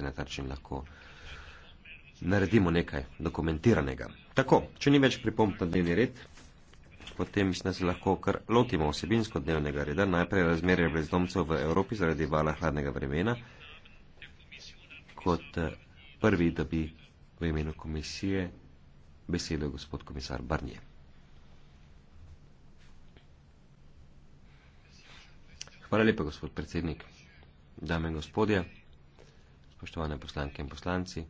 pogledati, na kakšen lahko naredimo nekaj dokumentiranega. Tako, če ni več pripomp na dnevni red, potem mislim, da se lahko kar lotimo osebinsko dnevnega reda. Najprej razmerje brezdomcev v Evropi zaradi vala hladnega vremena. Kot eh, prvi, da bi v imenu komisije besedil gospod komisar Barnje. Hvala lepa, gospod predsednik. Dame in gospodje spoštovane poslanke in poslanci,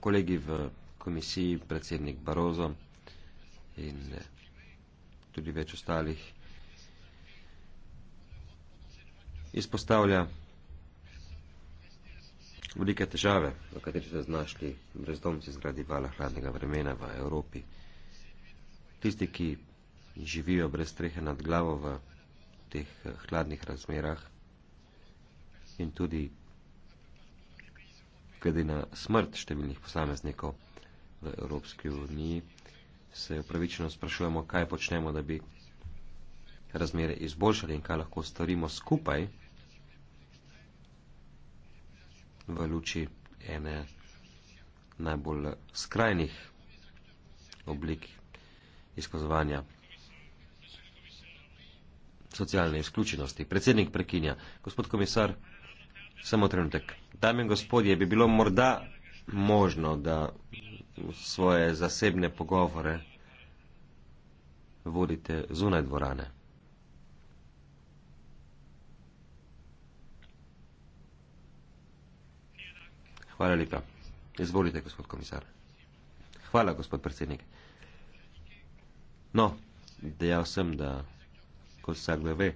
kolegi v komisiji, predsednik Barozo in eh, tudi več ostalih, izpostavlja velike težave, v kateri so znašli brezdomci zaradi vala hladnega vremena v Evropi. Tisti, ki živijo brez strehe nad glavo v teh eh, hladnih razmerah, in tudi glede na smrt številnih posameznikov v Evropski uniji, se upravičeno sprašujemo, kaj počnemo, da bi razmere izboljšali in kaj lahko storimo skupaj v luči ene najbolj skrajnih oblik izkazovanja socialne izključenosti. Predsednik prekinja. Gospod komisar, samo trenutek. Dame in gospodje, bi bilo morda možno, da svoje zasebne pogovore vodite zunaj dvorane. Hvala lepa. Izvolite, gospod komisar. Hvala, gospod predsednik. No, dejal sem, da, kot vsak ve,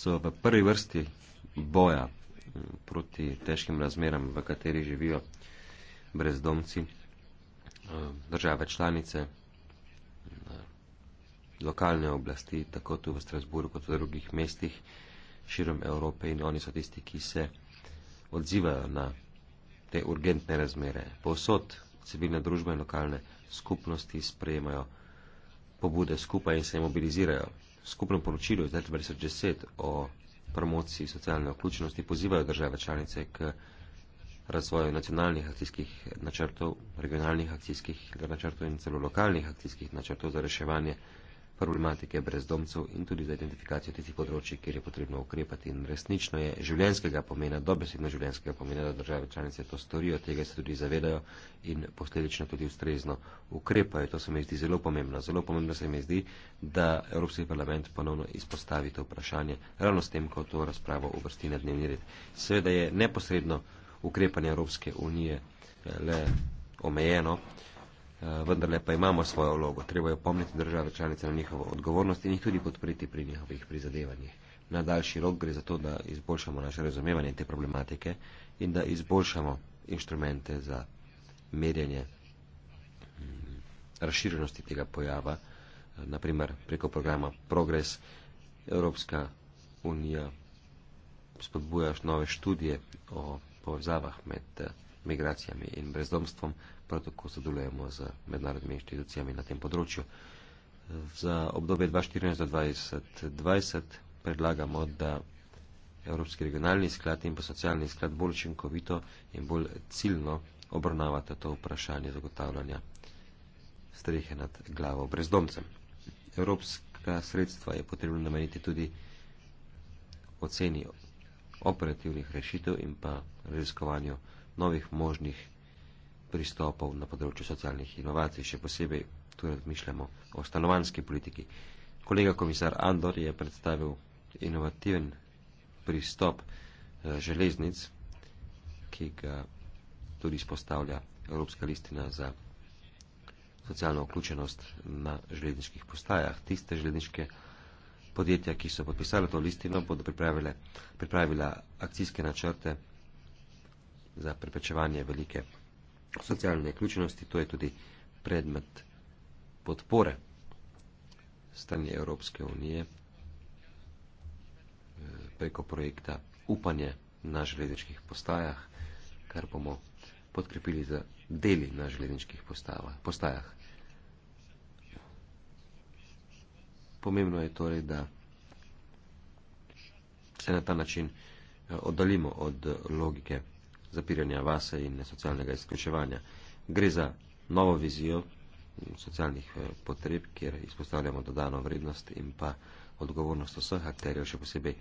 so v prvi vrsti boja eh, proti težkim razmeram, v kateri živijo brezdomci, eh, države članice, eh, lokalne oblasti, tako tu v Strasburu kot v drugih mestih širom Evrope in oni so tisti, ki se odzivajo na te urgentne razmere. Povsod civilne družbe in lokalne skupnosti sprejemajo pobude skupaj in se mobilizirajo skupnem poročilu iz 2010 o promociji socialne vključenosti pozivajo države članice k razvoju nacionalnih akcijskih načrtov, regionalnih akcijskih načrtov in celo lokalnih akcijskih načrtov za reševanje problematike brezdomcev in tudi za identifikacijo tistih področji, kjer je potrebno ukrepati. In resnično je življenskega pomena, dobesedno življenskega pomena, da države članice to storijo, tega se tudi zavedajo in posledično tudi ustrezno ukrepajo. To se mi zdi zelo pomembno. Zelo pomembno se mi zdi, da Evropski parlament ponovno izpostavi to vprašanje, ravno s tem, ko to razpravo uvrsti na dnevni red. Seveda je neposredno ukrepanje Evropske unije eh, le omejeno. Uh, Eh, vendarle pa imamo svojo vlogo. Treba je opomniti države članice na njihovo odgovornost in jih tudi podpriti pri njihovih prizadevanjih. Na daljši rok gre za to, da izboljšamo naše razumevanje te problematike in da izboljšamo inštrumente za merjenje mm, razširjenosti tega pojava, eh, naprimer preko programa Progres Evropska unija spodbuja nove študije o povezavah med eh, migracijami in brezdomstvom, prav tako sodelujemo z mednarodnimi inštitucijami na tem področju. Za obdobje 2014-2020 predlagamo, da Evropski regionalni sklad in pa socialni sklad bolj učinkovito in bolj ciljno obravnavata to vprašanje zagotavljanja strehe nad glavo brezdomcem. Evropska sredstva je potrebno nameniti tudi oceni operativnih rešitev in pa raziskovanju novih možnih pristopov na področju socialnih inovacij, še posebej tu razmišljamo o stanovanski politiki. Kolega komisar Andor je predstavil inovativen pristop eh, železnic, ki ga tudi spostavlja Evropska listina za socialno vključenost na železniških postajah. Tiste železniške podjetja, ki so podpisale to listino, bodo pripravile, pripravila akcijske načrte za preprečevanje velike socialne vključenosti, to je tudi predmet podpore stanje Evropske unije eh, preko projekta Upanje na železniških postajah, kar bomo podkrepili za deli na železniških postajah. Pomembno je torej, da se na ta način eh, oddalimo od logike zapiranja vase in socialnega izključevanja. Gre za novo vizijo socialnih eh, potreb, kjer izpostavljamo dodano vrednost in pa odgovornost vseh akterjev, še posebej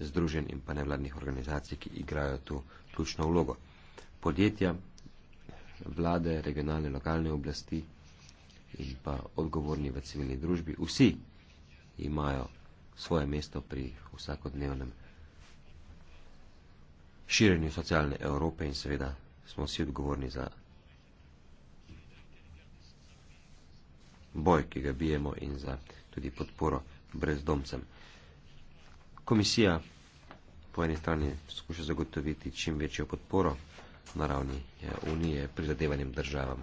združen in pa nevladnih organizacij, ki igrajo tu ključno vlogo. Podjetja, vlade, regionalne, lokalne oblasti in pa odgovorni v civilni družbi, vsi imajo svoje mesto pri vsakodnevnem širjenju socialne Evrope in seveda smo vsi odgovorni za boj, ki ga bijemo in za tudi podporo brezdomcem. Komisija po eni strani skuša zagotoviti čim večjo podporo na ravni eh, Unije prizadevanjem državam,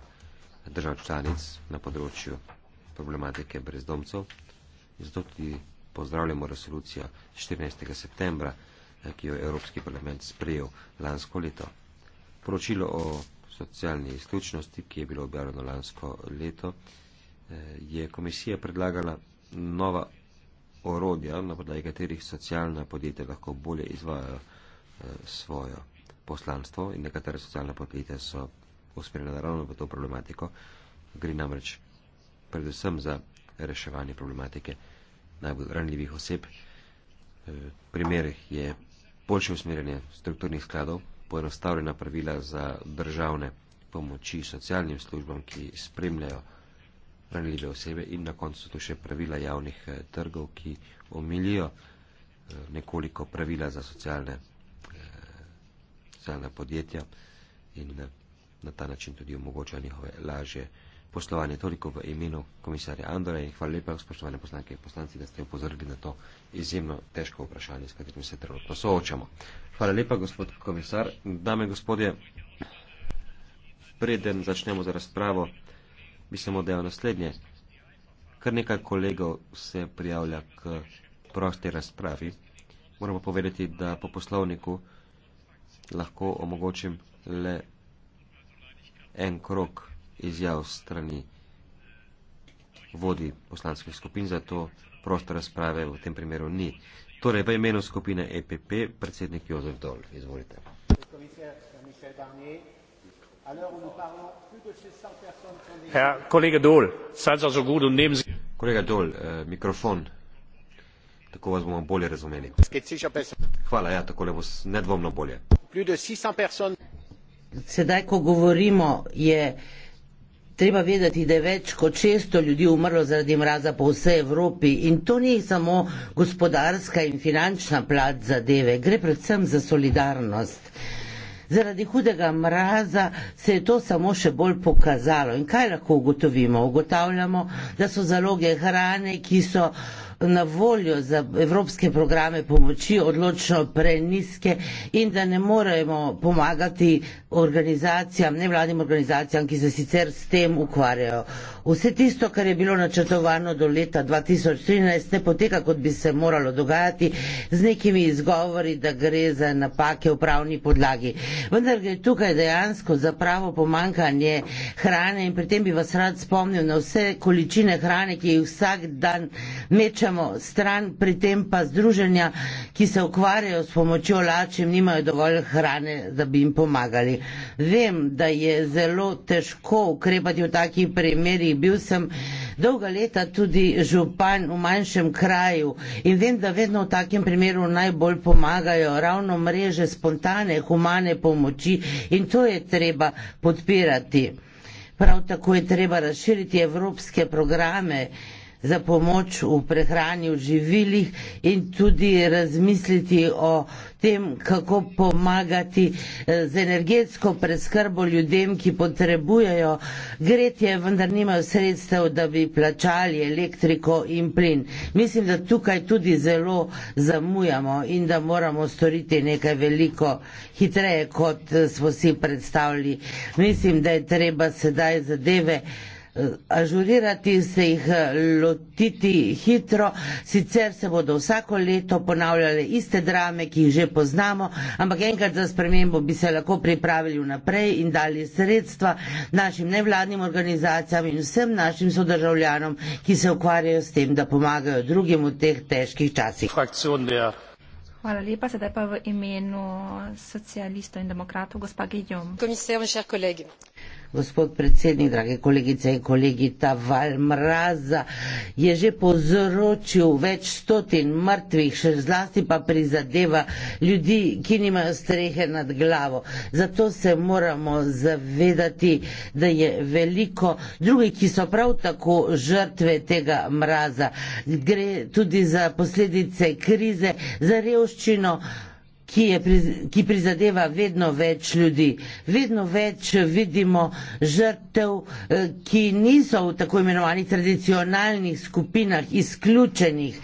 držav članic na področju problematike brezdomcev. Zato tudi pozdravljamo resolucijo 14. septembra ki jo je Evropski parlament sprejel lansko leto. Poročilo o socialni izključnosti, ki je bilo objavljeno lansko leto, eh, je komisija predlagala nova orodja, na podlagi katerih socialna podjetja lahko bolje izvajajo eh, svojo poslanstvo in nekatere socialne podjetja so usmerjene naravno v to problematiko. Gre namreč predvsem za reševanje problematike najbolj ranljivih oseb. Eh, primer je boljše usmerjanje strukturnih skladov, poenostavljena pravila za državne pomoči socialnim službam, ki spremljajo ranljive osebe in na koncu tu še pravila javnih eh, trgov, ki omilijo eh, nekoliko pravila za socialne, eh, socialne podjetja in na ta način tudi omogočajo njihove laže poslovanje. Toliko v imenu komisarja Andora in hvala lepa, spoštovane poslanke in poslanci, da ste upozorili na to izjemno težko vprašanje, s katerim se trenutno soočamo. Hvala lepa, gospod komisar. Dame in gospodje, preden začnemo za razpravo, bi samo dejal naslednje. Kar nekaj kolegov se prijavlja k prosti razpravi. Moramo povedati, da po poslovniku lahko omogočim le en krok izjav strani vodi poslanskih skupin, zato prosto razprave v tem primeru ni. Torej, v imenu skupine EPP, predsednik Jozef Dol, izvolite. Ja, kolega Dol, sad za zagudu Nemzi. Kolega Dol, eh, mikrofon, tako vas bomo bolje razumeli. Hvala, ja, tako le bo nedvomno bolje. Sedaj, ko govorimo, je Treba vedeti, da je več kot 600 ljudi umrlo zaradi mraza po vsej Evropi in to ni samo gospodarska in finančna plat zadeve, gre predvsem za solidarnost. Zaradi hudega mraza se je to samo še bolj pokazalo. In kaj lahko ugotovimo? Ugotavljamo, da so zaloge hrane, ki so na voljo za evropske programe pomoči odločno preniske in da ne moremo pomagati organizacijam, nevladnim organizacijam, ki se sicer s tem ukvarjajo. Vse tisto, kar je bilo načrtovano do leta 2013, ne poteka, kot bi se moralo dogajati, z nekimi izgovori, da gre za napake v pravni podlagi. Vendar gre tukaj dejansko za pravo pomankanje hrane in pri tem bi vas rad spomnil na vse količine hrane, ki jih vsak dan meče pošiljamo stran, pri tem pa združenja, ki se ukvarjajo s pomočjo lačem, nimajo dovolj hrane, da bi jim pomagali. Vem, da je zelo težko ukrepati v takih primerih. Bil sem dolga leta tudi župan v manjšem kraju in vem, da vedno v takem primeru najbolj pomagajo ravno mreže spontane, humane pomoči in to je treba podpirati. Prav tako je treba razširiti evropske programe za pomoč v prehrani v živilih in tudi razmisliti o tem, kako pomagati eh, z energetsko preskrbo ljudem, ki potrebujejo gretje, vendar nimajo sredstev, da bi plačali elektriko in plin. Mislim, da tukaj tudi zelo zamujamo in da moramo storiti nekaj veliko hitreje, kot eh, smo si predstavljali. Mislim, da je treba sedaj zadeve ažurirati, se jih eh, lotiti hitro, sicer se bodo vsako leto ponavljale iste drame, ki jih že poznamo, ampak enkrat za spremembo bi se lahko pripravili vnaprej in dali sredstva našim nevladnim organizacijam in vsem našim sodržavljanom, ki se ukvarjajo s tem, da pomagajo drugim v teh težkih časih. Hvala lepa, sedaj pa v imenu socialistov in demokratov, gospa Gidjom. Gospod predsednik, drage kolegice in kolegi, ta val mraza je že povzročil več stotin mrtvih, še zlasti pa prizadeva ljudi, ki nimajo strehe nad glavo. Zato se moramo zavedati, da je veliko drugih, ki so prav tako žrtve tega mraza. Gre tudi za posledice krize, za revščino, ki, pri, ki prizadeva vedno več ljudi. Vedno več vidimo žrtev, eh, ki niso v tako imenovanih tradicionalnih skupinah izključenih.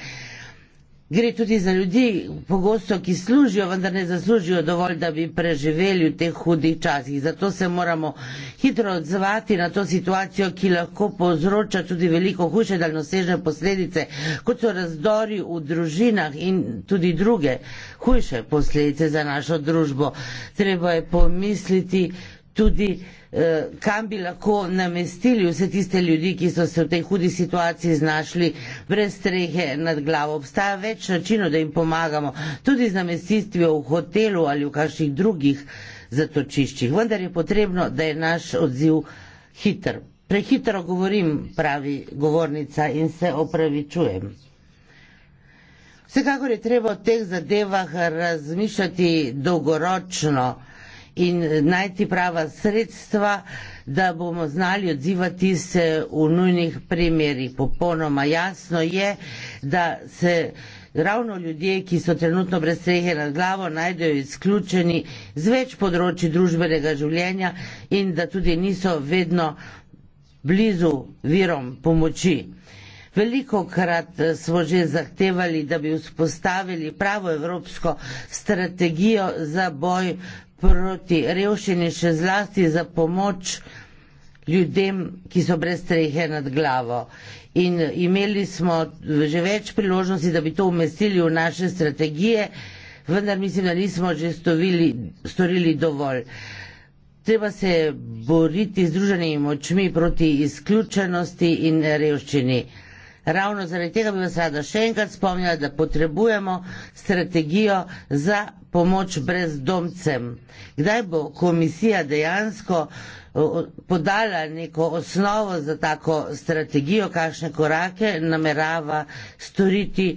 Gre tudi za ljudi, pogosto, ki služijo, vendar ne zaslužijo dovolj, da bi preživeli v teh hudih časih. Zato se moramo hitro odzvati na to situacijo, ki lahko povzroča tudi veliko hujše daljnosežne posledice, kot so razdori v družinah in tudi druge hujše posledice za našo družbo. Treba je pomisliti, tudi, eh, kam bi lahko namestili vse tiste ljudi, ki so se v tej hudi situaciji znašli brez strehe nad glavo. Obstaja več načinov, da jim pomagamo, tudi z namestitvijo v hotelu ali v kakšnih drugih zatočiščih. Vendar je potrebno, da je naš odziv hiter. Prehitro govorim, pravi govornica in se opravičujem. Vsekakor je treba o teh zadevah razmišljati dolgoročno in najti prava sredstva, da bomo znali odzivati se v nujnih primerjih. Popolnoma jasno je, da se ravno ljudje, ki so trenutno brez strehe nad glavo, najdejo izključeni z več področji družbenega življenja in da tudi niso vedno blizu virom pomoči. Veliko krat eh, smo že zahtevali, da bi vzpostavili pravo evropsko strategijo za boj proti revščini, še zlasti za pomoč ljudem, ki so brez strehe nad glavo. In imeli smo že več priložnosti, da bi to umestili v naše strategije, vendar mislim, da nismo že stovili, storili dovolj. Treba se boriti združenimi močmi proti izključenosti in revščini. Ravno zaradi tega bi vas rada še enkrat spomnila, da potrebujemo strategijo za pomoč brezdomcem. Kdaj bo komisija dejansko podala neko osnovo za tako strategijo, kakšne korake namerava storiti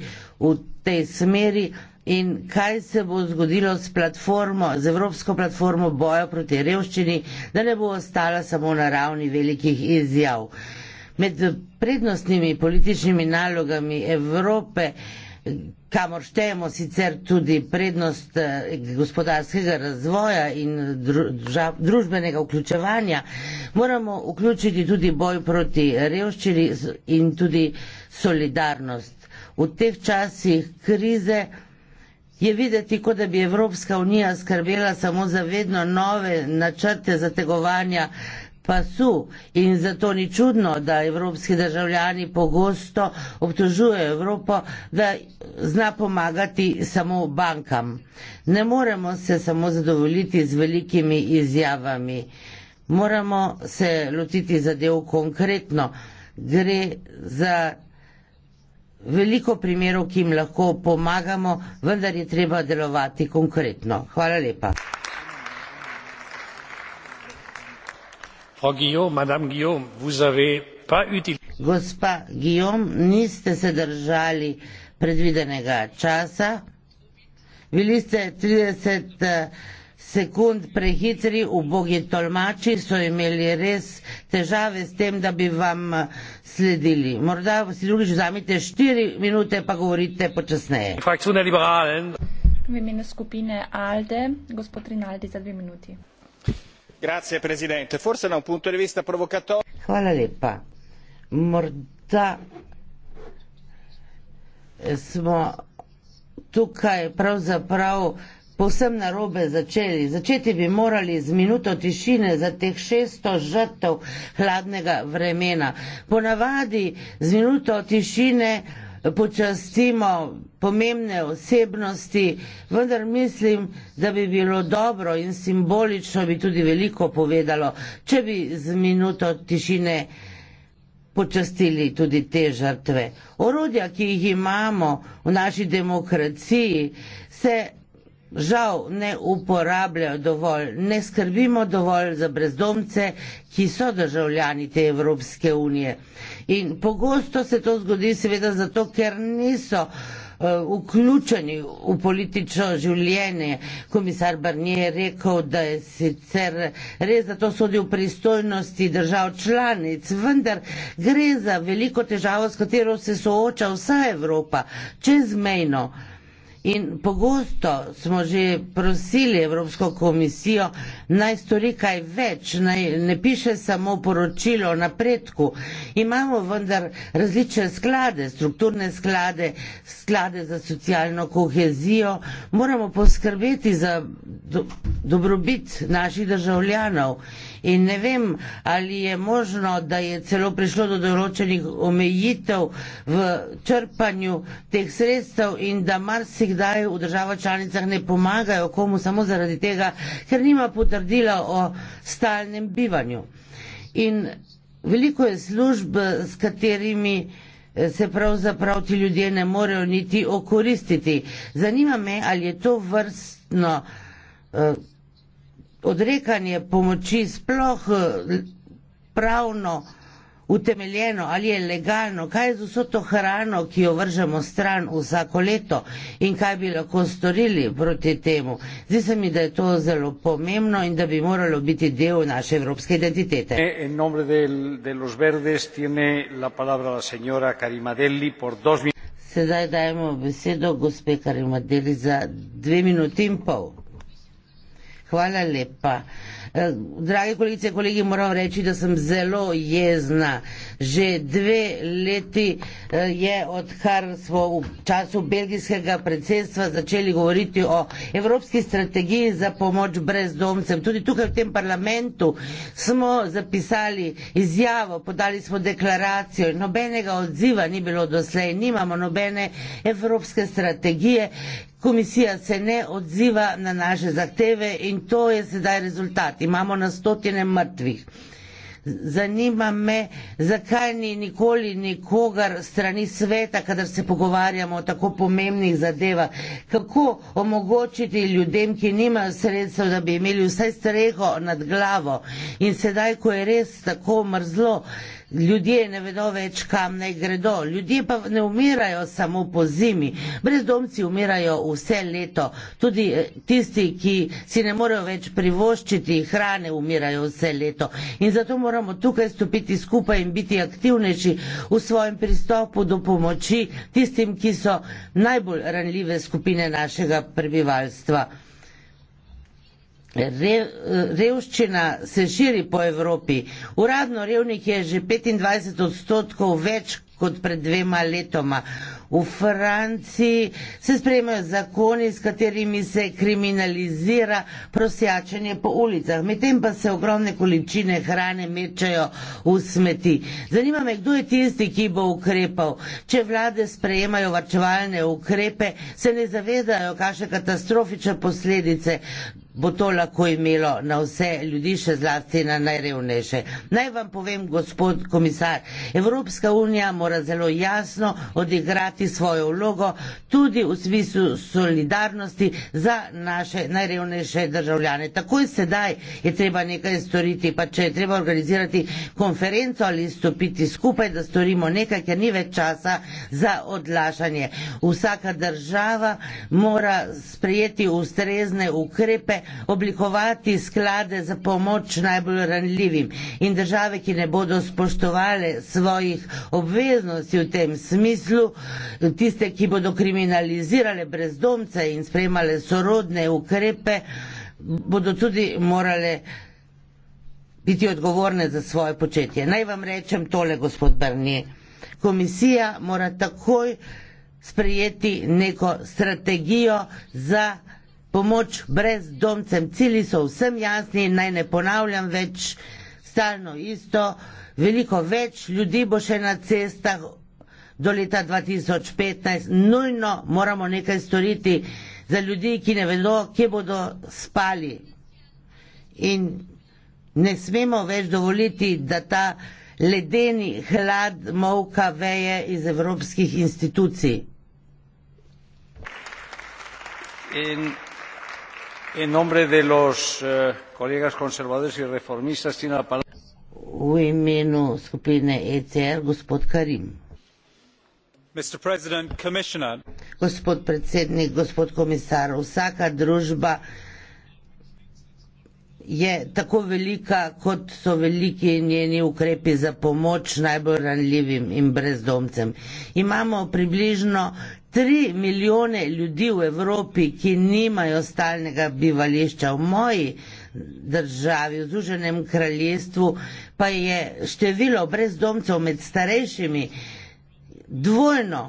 v tej smeri in kaj se bo zgodilo s platformo, z Evropsko platformo boja proti revščini, da ne bo ostala samo na ravni velikih izjav med prednostnimi političnimi nalogami Evrope, kamor štejemo sicer tudi prednost eh, gospodarskega razvoja in družbenega vključevanja, moramo vključiti tudi boj proti revščini in tudi solidarnost. V teh časih krize je videti, kot da bi Evropska unija skrbela samo za vedno nove načrte zategovanja pasu in zato ni čudno, da evropski državljani pogosto obtožujejo Evropo, da zna pomagati samo bankam. Ne moremo se samo zadovoljiti z velikimi izjavami. Moramo se lotiti zadev konkretno. Gre za veliko primerov, ki jim lahko pomagamo, vendar je treba delovati konkretno. Hvala lepa. Gospa Guillaume, niste se držali predvidenega časa. Bili ste 30 eh, sekund prehitri, ubogi tolmači so imeli res težave s tem, da bi vam eh, sledili. Morda si drugič vzamite 4 minute, pa govorite počasneje. V imenu skupine ALDE, gospod Rinaldi, za 2 minuti signor presidente forse da un punto di vista provocatorio. hvala lepa morda eh, smo tukaj pravzaprav povsem narobe začeli začeti bi morali z minuto tišine za teh šeststo žrtev hladnega vremena ponavadi z minuto tišine počastimo pomembne osebnosti, vendar mislim, da bi bilo dobro in simbolično bi tudi veliko povedalo, če bi z minuto tišine počastili tudi te žrtve. Orodja, ki jih imamo v naši demokraciji, se žal ne uporabljajo dovolj, ne skrbimo dovolj za brezdomce, ki so državljani te Evropske unije. In pogosto se to zgodi seveda zato, ker niso eh, vključeni v politično življenje. Komisar Barnier je rekel, da je sicer res, da to sodi v pristojnosti držav članic, vendar gre za veliko težavo, s katero se sooča vsa Evropa, čezmejno. In pogosto smo že prosili Evropsko komisijo, naj stori kaj več, naj ne piše samo poročilo o napredku. Imamo vendar različne sklade, strukturne sklade, sklade za socialno kohezijo. Moramo poskrbeti za do, dobrobit naših državljanov. In ne vem, ali je možno, da je celo prišlo do določenih omejitev v črpanju teh sredstev in da marsikdaj v državah članicah ne pomagajo komu samo zaradi tega, ker nima potrdila o stalnem bivanju. In veliko je služb, s katerimi eh, se pravzaprav ti ljudje ne morejo niti okoristiti. Zanima me, ali je to vrstno. Uh, odrekanje pomoči sploh eh, pravno utemeljeno ali je legalno, kaj je z vso to hrano, ki jo vržemo stran vsako leto in kaj bi lahko storili proti temu. Zdi se mi, da je to zelo pomembno in da bi moralo biti del naše evropske identitete. Eh, Sedaj dajemo besedo gospe Karimadeli za dve minuti in pol. Hvala lepa. E, drage kolegice in kolegi, moram reči, da sem zelo jezna. Že dve leti e, je, odkar smo v času belgijskega predsedstva začeli govoriti o evropski strategiji za pomoč brezdomcem. Tudi tukaj v tem parlamentu smo zapisali izjavo, podali smo deklaracijo in nobenega odziva ni bilo doslej. Nimamo nobene evropske strategije Komisija se ne odziva na naše zahteve in to je sedaj rezultat. Imamo na stotine mrtvih. Zanima me, zakaj ni nikoli nikogar strani sveta, kadar se pogovarjamo o tako pomembnih zadevah, kako omogočiti ljudem, ki nimajo sredstev, da bi imeli vsaj streho nad glavo in sedaj, ko je res tako mrzlo, ljudje ne vedo več, kam naj gredo. Ljudje pa ne umirajo samo po zimi. Brezdomci umirajo vse leto. Tudi eh, tisti, ki si ne morejo več privoščiti hrane, umirajo vse leto. In zato moramo tukaj stopiti skupaj in biti aktivnejši v svojem pristopu do pomoči tistim, ki so najbolj ranljive skupine našega prebivalstva. Re, revščina se širi po Evropi. Uradno revnih je že 25 odstotkov več kot pred dvema letoma. V Franciji se sprejemajo zakoni, s katerimi se kriminalizira prosjačenje po ulicah. Medtem pa se ogromne količine hrane mečajo v smeti. Zanima me, kdo je tisti, ki bo ukrepal. Če vlade sprejemajo varčevalne ukrepe, se ne zavedajo, kakšne katastrofične posledice bo to lahko imelo na vse ljudi, še zlasti na najrevnejše. Naj vam povem, gospod komisar, Evropska unija mora zelo jasno odigrati svojo vlogo tudi v smislu solidarnosti za naše najrevnejše državljane. Takoj sedaj je treba nekaj storiti, pa če je treba organizirati konferenco ali stopiti skupaj, da storimo nekaj, ker ni več časa za odlašanje. Vsaka država mora sprejeti ustrezne ukrepe, oblikovati sklade za pomoč najbolj ranljivim in države, ki ne bodo spoštovale svojih obveznosti v tem smislu, tiste, ki bodo kriminalizirale brezdomce in sprejemale sorodne ukrepe, bodo tudi morale biti odgovorne za svoje početje. Naj vam rečem tole, gospod Barnier. Komisija mora takoj sprejeti neko strategijo za pomoč brezdomcem, cili so vsem jasni, naj ne ponavljam več stalno isto, veliko več ljudi bo še na cestah do leta 2015, nujno moramo nekaj storiti za ljudi, ki ne vedo, kje bodo spali. In ne smemo več dovoliti, da ta ledeni hlad mavka veje iz evropskih institucij. In... Mr. Eh, e President, Commissioner. Gospod predsednik, gospod komisar, vsaka družba je tako velika, kot so veliki njeni ukrepi za pomoč najbolj ranljivim in brezdomcem. Imamo približno tri milijone ljudi v Evropi, ki nimajo stalnega bivališča. V moji državi, v Združenem kraljestvu, pa je število brezdomcev med starejšimi dvojno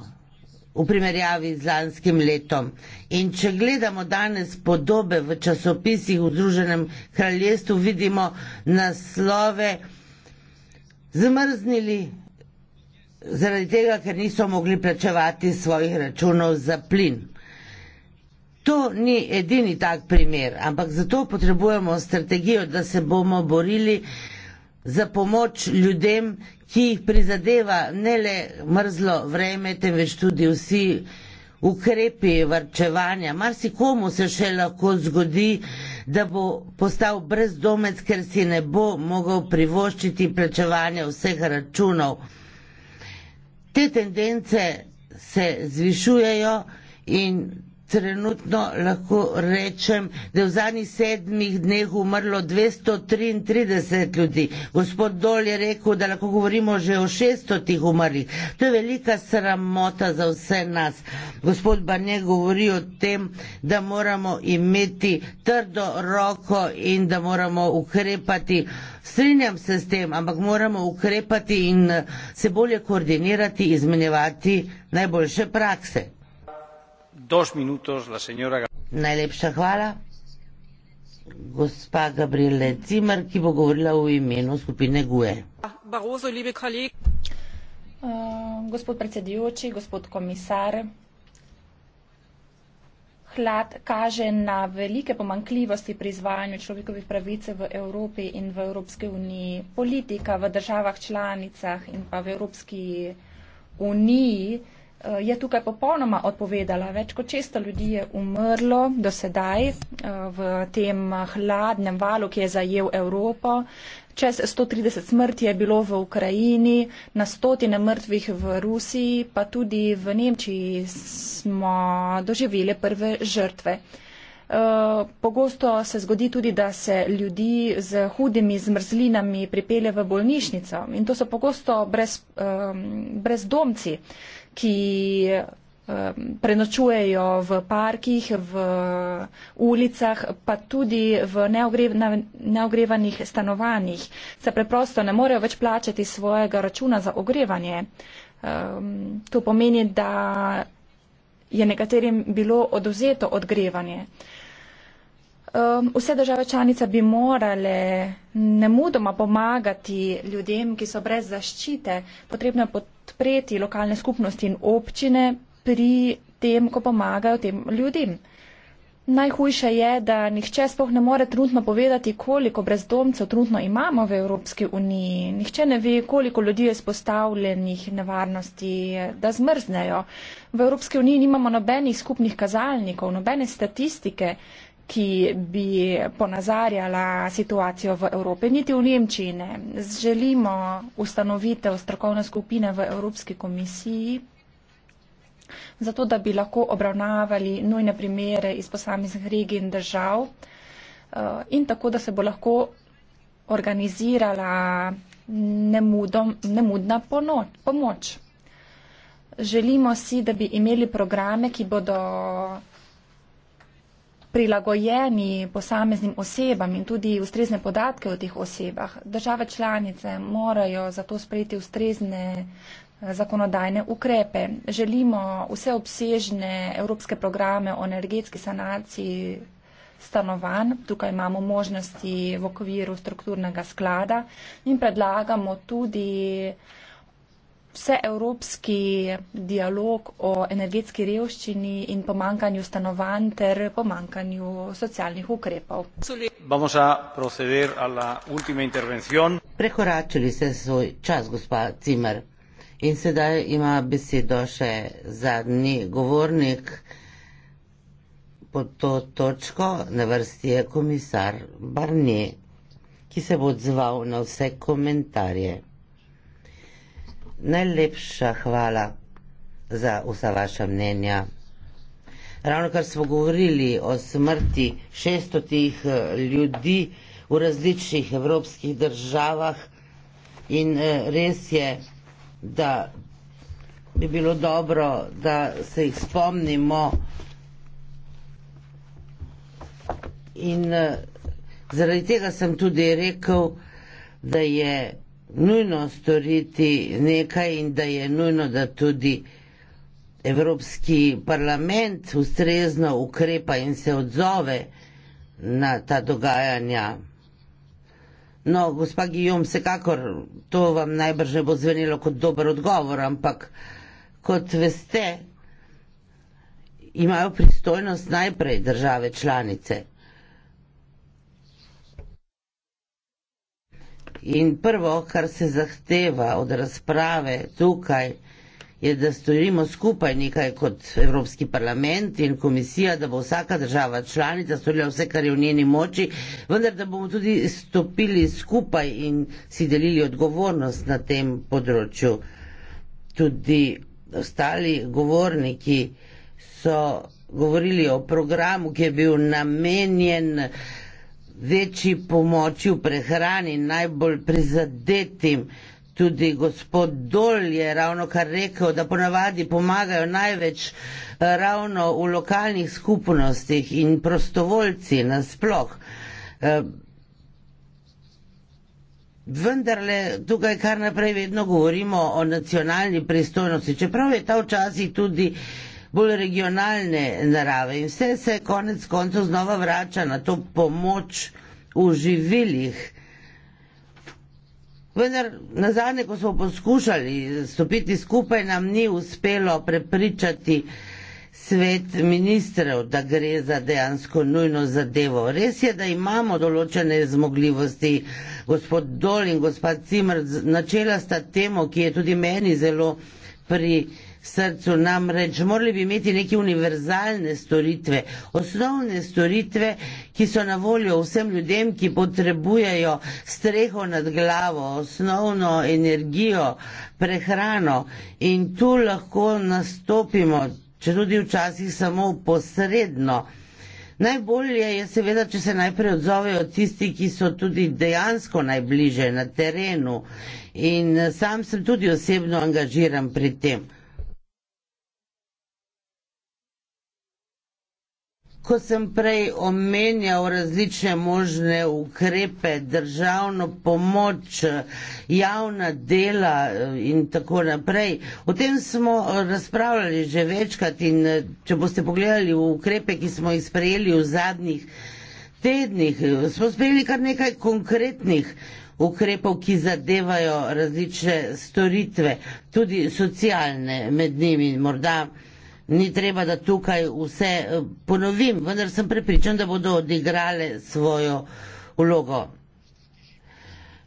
v primerjavi z lanskim letom. In če gledamo danes podobe v časopisih v Združenem kraljestvu, vidimo naslove zmrznili zaradi tega, ker niso mogli plačevati svojih računov za plin. To ni edini tak primer, ampak zato potrebujemo strategijo, da se bomo borili za pomoč ljudem, ki jih prizadeva ne le mrzlo vreme, temveč tudi vsi ukrepi varčevanja. Marsi komu se še lahko zgodi, da bo postal brezdomec, ker si ne bo mogel privoščiti plačevanja vseh računov te tendence se zvišujejo in trenutno lahko rečem, da je v zadnjih sedmih dneh umrlo 233 ljudi. Gospod Dol je rekel, da lahko govorimo že o 600 tih umrlih. To je velika sramota za vse nas. Gospod Barne govori o tem, da moramo imeti trdo roko in da moramo ukrepati. Strinjam se s tem, ampak moramo ukrepati in se bolje koordinirati, izmenjevati najboljše prakse. Najlepša hvala. Gospa Gabriele Cimer, ki bo govorila v imenu skupine GUE. Eh, gospod predsedujoči, gospod komisar, hlad kaže na velike pomankljivosti pri izvajanju človekovih pravic v Evropi in v Evropske uniji. Politika v državah članicah in pa v Evropski uniji Eh, je tukaj popolnoma odpovedala. Več kot 600 ljudi je umrlo do sedaj eh, v tem hladnem valu, ki je zajel Evropo. Čez 130 smrti je bilo v Ukrajini, na stotine mrtvih v Rusiji, pa tudi v Nemčiji smo doživeli prve žrtve. Eh, pogosto se zgodi tudi, da se ljudi z hudimi zmrzlinami pripelje v bolnišnico in to so pogosto brez, brezdomci ki um, prenočujejo v parkih, v ulicah, pa tudi v neogrevanih stanovanjih. Se preprosto ne morejo več plačati svojega računa za ogrevanje. Um, to pomeni, da je nekaterim bilo oduzeto odgrevanje. Um, vse države članice bi morale nemudoma pomagati ljudem, ki so brez zaščite. Potrebno je potrebno sprejeti lokalne skupnosti in občine pri tem, ko pomagajo tem ljudem. Najhujše je, da nihče spoh ne more trenutno povedati, koliko brezdomcev trenutno imamo v Evropski uniji. Nihče ne ve, koliko ljudi je spostavljenih nevarnosti, da zmrznejo. V Evropski uniji nimamo nobenih skupnih kazalnikov, nobene statistike, ki bi ponazarjala situacijo v Evropi, niti v Nemčiji ne. Želimo ustanovitev strokovne skupine v Evropski komisiji, zato da bi lahko obravnavali nujne primere iz posameznih regij in držav eh, in tako, da se bo lahko organizirala nemudom, nemudna pomoč. Želimo si, da bi imeli programe, ki bodo prilagojeni posameznim osebam in tudi ustrezne podatke o teh osebah. Države članice morajo zato sprejeti ustrezne eh, zakonodajne ukrepe. Želimo vse obsežne evropske programe o energetski sanaciji stanovanj. Tukaj imamo možnosti v okviru strukturnega sklada in predlagamo tudi vseevropski dialog o energetski revščini in pomankanju stanovanj ter pomankanju socialnih ukrepov. Prekoračili ste svoj čas, gospa Cimer. In sedaj ima besedo še zadnji govornik pod to točko, na vrsti je komisar Barnier, ki se bo odzval na vse komentarje najlepša hvala za vsa vaša mnenja. Ravno kar smo govorili o smrti 600 eh, ljudi v različnih evropskih državah in eh, res je, da bi bilo dobro, da se jih spomnimo in eh, zaradi tega sem tudi rekel, da je nujno storiti nekaj in da je nujno, da tudi Evropski parlament ustrezno ukrepa in se odzove na ta dogajanja. No, gospa Gijom, vsekakor to vam najbrž ne bo zvenelo kot dober odgovor, ampak kot veste, imajo pristojnost najprej države članice. In prvo, kar se zahteva od razprave tukaj, je, da storimo skupaj nekaj kot Evropski parlament in komisija, da bo vsaka država članica storila vse, kar je v njeni moči, vendar da bomo tudi stopili skupaj in si delili odgovornost na tem področju. Tudi ostali govorniki so govorili o programu, ki je bil namenjen večji pomoči v prehrani najbolj prizadetim. Tudi gospod Dol je ravno kar rekel, da ponavadi pomagajo največ eh, ravno v lokalnih skupnostih in prostovoljci nasploh. Eh, vendarle tukaj kar naprej vedno govorimo o nacionalni pristojnosti, čeprav je ta včasih tudi eh, bolj regionalne narave in vse se konec koncev znova vrača na to pomoč v živilih. Vendar na zadnje, ko smo poskušali stopiti skupaj, nam ni uspelo prepričati svet ministrov, da gre za dejansko nujno zadevo. Res je, da imamo določene zmogljivosti. Gospod Dol in gospod Cimr načela sta temo, ki je tudi meni zelo pri srcu. Namreč morali bi imeti neke univerzalne storitve, osnovne storitve, ki so na voljo vsem ljudem, ki potrebujejo streho nad glavo, osnovno energijo, prehrano in tu lahko nastopimo, če tudi včasih samo posredno. Najbolje je seveda, če se najprej odzovejo tisti, ki so tudi dejansko najbliže na terenu in sam sem tudi osebno angažiran pri tem. Ko sem prej omenjal različne možne ukrepe, državno pomoč, javna dela eh, in tako naprej, o tem smo eh, razpravljali že večkrat in eh, če boste pogledali ukrepe, ki smo jih sprejeli v zadnjih tednih, smo sprejeli kar nekaj konkretnih ukrepov, ki zadevajo različne storitve, tudi socialne med njimi in morda ni treba, da tukaj vse eh, ponovim, vendar sem prepričan, da bodo odigrale svojo vlogo.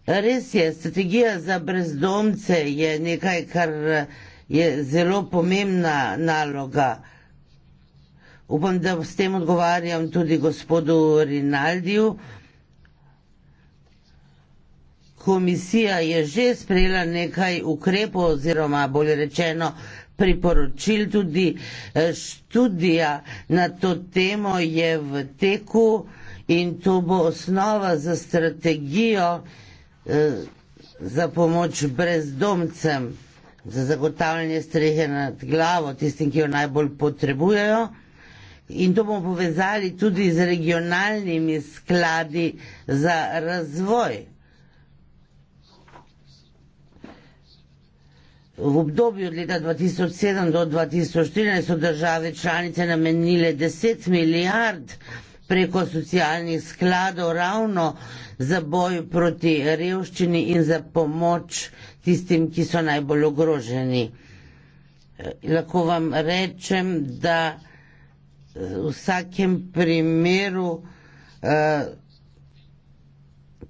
Res je, strategija za brezdomce je nekaj, kar eh, je zelo pomembna naloga. Upam, da s tem odgovarjam tudi gospodu Rinaldiju. Komisija je že sprejela nekaj ukrepov oziroma bolje rečeno priporočil, tudi eh, študija na to temo je v teku in to bo osnova za strategijo eh, za pomoč brezdomcem, za zagotavljanje strehe nad glavo tistim, ki jo najbolj potrebujejo. In to bomo povezali tudi z regionalnimi skladi za razvoj. V obdobju od leta 2007 do 2014 so države članice namenile 10 milijard preko socialnih skladov ravno za boj proti revščini in za pomoč tistim, ki so najbolj ogroženi. Eh, lahko vam rečem, da eh, v vsakem primeru eh,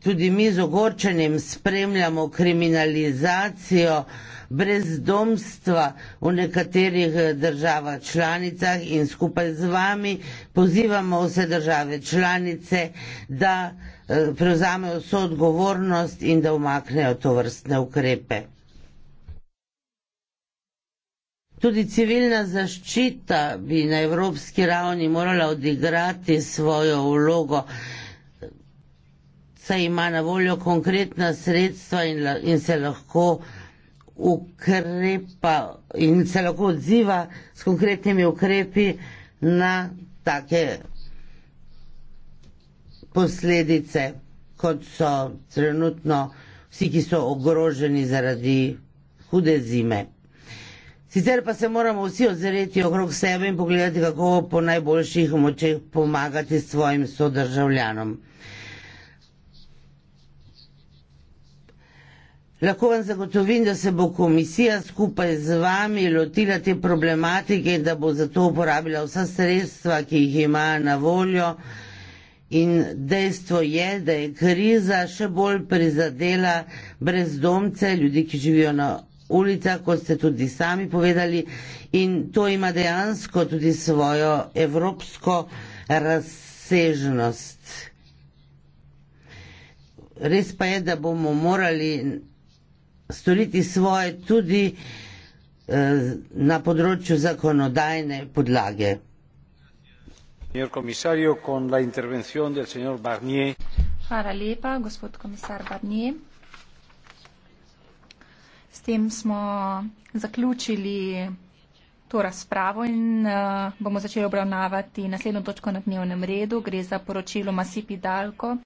tudi mi z ogorčenjem spremljamo kriminalizacijo brezdomstva v nekaterih eh, državah članicah in skupaj z vami pozivamo vse države članice, da eh, prevzamejo vso odgovornost in da umaknejo to vrstne ukrepe. Tudi civilna zaščita bi na evropski ravni morala odigrati svojo vlogo saj ima na voljo konkretna sredstva in, in se lahko ukrepa in se lahko odziva s konkretnimi ukrepi na take posledice, kot so trenutno vsi, ki so ogroženi zaradi hude zime. Sicer pa se moramo vsi ozreti okrog sebe in pogledati, kako po najboljših močeh pomagati svojim sodržavljanom. Lahko vam zagotovim, da se bo komisija skupaj z vami lotila te problematike in da bo za to uporabila vsa sredstva, ki jih ima na voljo. In dejstvo je, da je kriza še bolj prizadela brezdomce, ljudi, ki živijo na ulicah, kot ste tudi sami povedali. In to ima dejansko tudi svojo evropsko razsežnost. Res pa je, da bomo morali storiti svoje tudi eh, na področju zakonodajne podlage. Hvala lepa, gospod komisar Barnier. S tem smo zaključili to razpravo in eh, bomo začeli obravnavati naslednjo točko na dnevnem redu. Gre za poročilo Masipi Dalko.